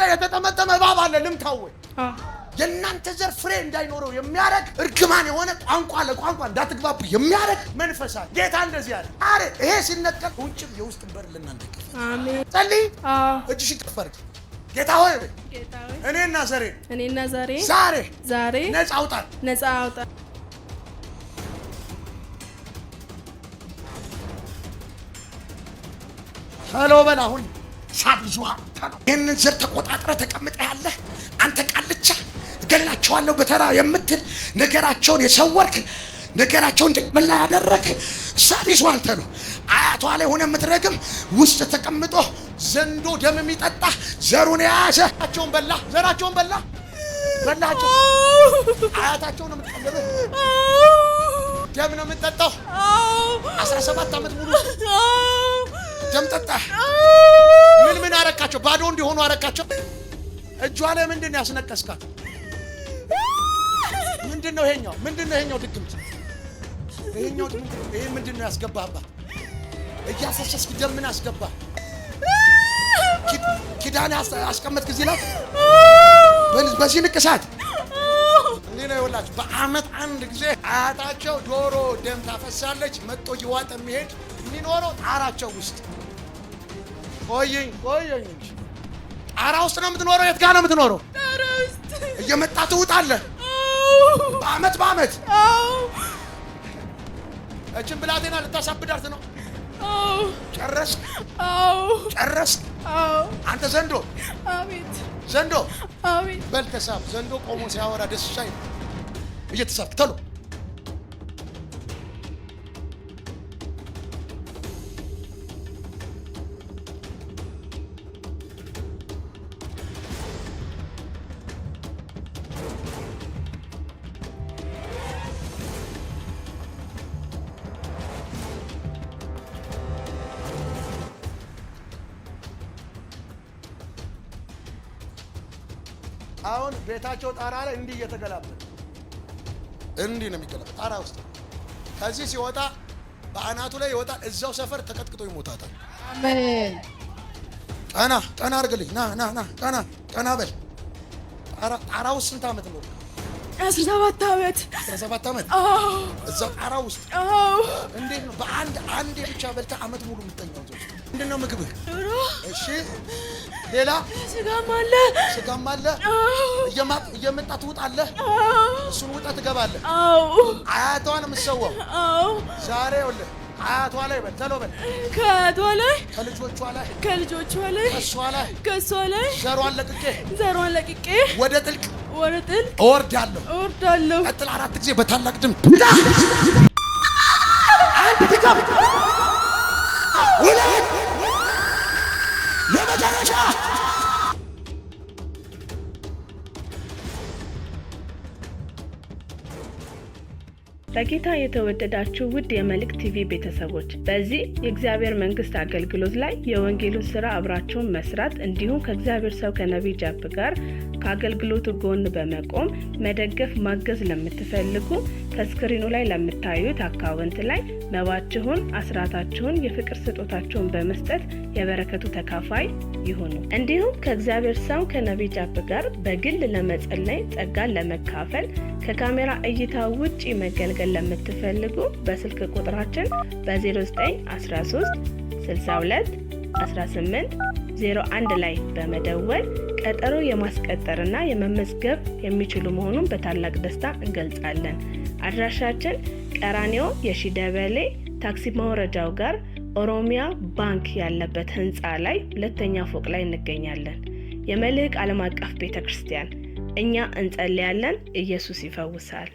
ላይ የተጠመጠመ እባብ አለ። ልምታው የእናንተ ዘር ፍሬ እንዳይኖረው የሚያደርግ እርግማን የሆነ ቋንቋ ለቋንቋ እንዳትግባቡ የሚያደርግ መንፈሳል ጌታ እንደዚህ ያለ አረ ይሄ ሲነቀል ውጭም የውስጥ በር ለእናንተ ጸልይ። እጅሽ ይቀፈርግ ጌታ ሆይ እኔና ዘሬ እኔና ዛሬ ዛሬ ዛሬ ነፃ አውጣል ነፃ አውጣል ሄሎ በል አሁን ሳብዙ ሀብታ ይህንን ዘር ተቆጣጥረ ተቀምጠ ያለ አንተ ቃልቻ ገላቸዋለሁ በተራ የምትል ነገራቸውን የሰወርክ ነገራቸውን ጭቅብላ ያደረክ ሳቢሱ አንተ ነው። አያቷ ላይ ሆነ የምትረግም ውስጥ ተቀምጦ ዘንዶ ደም የሚጠጣ ዘሩን የያዘ ቸውን በላ ዘራቸውን በላ በላቸው። አያታቸውን የምትቀልብ ደም ነው የምንጠጣው። አስራ ሰባት ዓመት ሙሉ ደም ጠጣ። አረካቸው፣ ባዶ እንዲሆኑ አረካቸው። እጇ ላይ ምንድን ነው ያስነቀስካት? ምንድን ነው ይሄኛው? ምንድን ነው ይሄኛው ድግምት? ይሄኛው ይሄ ምንድን ነው ያስገባህባት? እያፈሰስክ ደምን አስገባ ኪዳን አስቀመጥ ጊዜ ላይ በዚህ ንቅሳት እንዲህ ነው ይወላችሁ። በአመት አንድ ጊዜ አያታቸው ዶሮ ደም ታፈሳለች። መጦ ይዋጥ የሚሄድ የሚኖረው ጣራቸው ውስጥ ቆየኝ ቆየኝ። ጣራ ውስጥ ነው የምትኖረው? የት ጋር ነው የምትኖረው? ጣራ ውስጥ እየመጣ ትውጣለህ። በአመት በአመት እችን ብላቴና ልታሳብዳት ነው። ጨረስ ጨረስ። አንተ ዘንዶ! አቤት ዘንዶ! አቤት በል ተሳብ። ዘንዶ ቆሞ ሲያወራ ደስ ይላል። እየተሳብክ ተሎ አሁን ቤታቸው ጣራ ላይ እንዲህ እየተገላበጠ እንዲህ ነው የሚገላ ጣራ ውስጥ ከዚህ ሲወጣ በአናቱ ላይ ይወጣል። እዛው ሰፈር ተቀጥቅጦ ይሞታታል። አሜን። ጠና ጠና አድርግልኝ። ና ና ና ጠና ጠና በል። ጣራ ውስጥ ስንት ዓመት ነው? አስራ ሰባት ዓመት አስራ ሰባት ዓመት እዛው ጣራ ውስጥ እንዴት ነው በአንድ አንድ ብቻ በልተህ ዓመት ሙሉ የምትተኛው? ምንድን ነው ምግብህ? እሺ ሌላ ስጋም አለ ስጋም አለ። እየመጣ ትውጣለህ፣ እሱን ውጣ ትገባለህ። አያቷ ነው የምትሰዋው ዛሬ ይኸውልህ አያቷ ላይ በል ተሎ በል ከአያቷ ላይ ከልጆቿ ላይ ከልጆቿ ላይ ከእሷ ላይ ከእሷ ላይ ዘሯን ለቅቄ ዘሯን ለቅቄ ወደ ጥልቅ ወደ ጥልቅ እወርዳለሁ እወርዳለሁ። ቀጥል አራት ጊዜ በታላቅ ድምፅ በጌታ የተወደዳችሁ ውድ የመልሕቅ ቲቪ ቤተሰቦች በዚህ የእግዚአብሔር መንግስት አገልግሎት ላይ የወንጌሉን ስራ አብራችሁን መስራት እንዲሁም ከእግዚአብሔር ሰው ከነቢይ ጃፕ ጋር ከአገልግሎቱ ጎን በመቆም መደገፍ ማገዝ ለምትፈልጉ ከስክሪኑ ላይ ለምታዩት አካውንት ላይ መባችሁን፣ አስራታችሁን፣ የፍቅር ስጦታችሁን በመስጠት የበረከቱ ተካፋይ ይሁኑ። እንዲሁም ከእግዚአብሔር ሰው ከነቢይ ጃፕ ጋር በግል ለመጸለይ ጸጋን ለመካፈል ከካሜራ እይታ ውጪ መገልገል ማማከል ለምትፈልጉ በስልክ ቁጥራችን በ0913 62 18 01 ላይ በመደወል ቀጠሮ የማስቀጠርና የመመዝገብ የሚችሉ መሆኑን በታላቅ ደስታ እንገልጻለን። አድራሻችን ቀራኒዮ የሺደበሌ ታክሲ ማውረጃው ጋር ኦሮሚያ ባንክ ያለበት ህንፃ ላይ ሁለተኛ ፎቅ ላይ እንገኛለን። የመልህቅ ዓለም አቀፍ ቤተ ክርስቲያን። እኛ እንጸልያለን፣ ኢየሱስ ይፈውሳል።